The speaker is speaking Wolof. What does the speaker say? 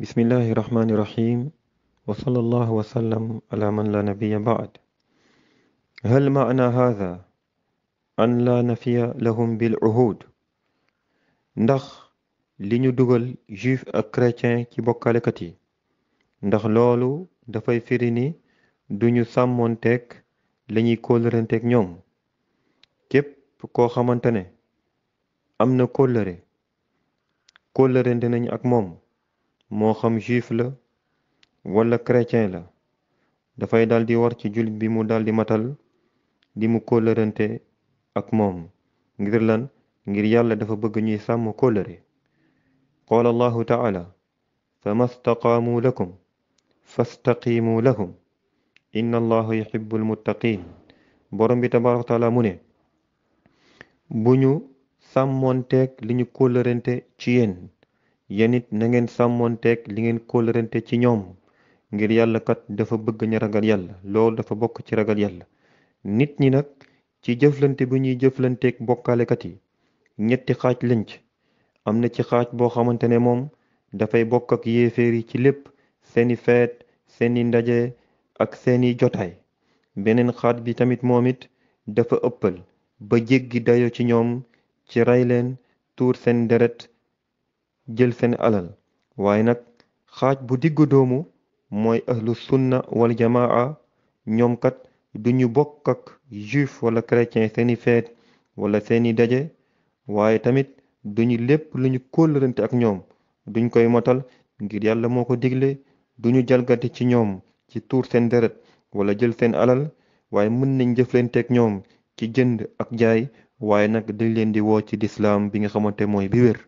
bismillahi rahmani rahim wa sallallahu wa man la nabiya ba'd hal ma'na hadha an la nafiya lahum bil uhud ndax li ñu dugal juif ak chrétien ci bokkalekat yi ndax loolu dafay firi ni duñu sàmmoonteeg lañuy kóllëranteeg ñoom képp koo xamante ne am na kóllëre kóllërante nañ ak moom moo xam juif la walla chrétien la dafay daldi war ci jullit bi mu daldi matal li mu kóllërante ak moom ngir lan ngir yàlla dafa bëgg ñuy sàmm kóllëre qaala allahu taala fama staqaamuu lakum fastaqiimuu lahum inna allaha yuhibbu almuttaqiin borom bi tabaraka taala mu ne bu ñu sàmmoonteeg li ñu kóllërante ci yéen yéen it na ngeen sàmmoonteeg li ngeen kóolërante ci ñoom ngir yàlla kat dafa bëgg ñu ragal yàlla loolu dafa bokk ci ragal yàlla nit ñi nag ci jëflante bi ñuy jëflanteeg bokkaalekat yi ñetti xaaj lañ am na ci xaaj boo xamante ne moom dafay bokk ak yéeféer yi ci lépp seeni feet seeni ndaje ak seeni jotaay beneen xaat bi tamit moom it dafa ëppal ba jéggi dayo ci ñoom ci rey leen tuur seen deret jël seen alal waaye nag xaaj bu diggu doomu mooy ahlu sunna wal jamaa ñoom kat duñu bokk ak juif wala chrétien seeni feet wala seeni daje waaye tamit duñu lépp lu ñu kóllërante ak ñoom duñ koy motal ngir yàlla moo ko digle duñu jalgati ci ñoom ci tuur seen deret wala jël seen alal waaye mën nañ ak ñoom ci jënd ak jaay waaye nag dañ leen di woo ci lislaam bi nga xamante mooy bi wér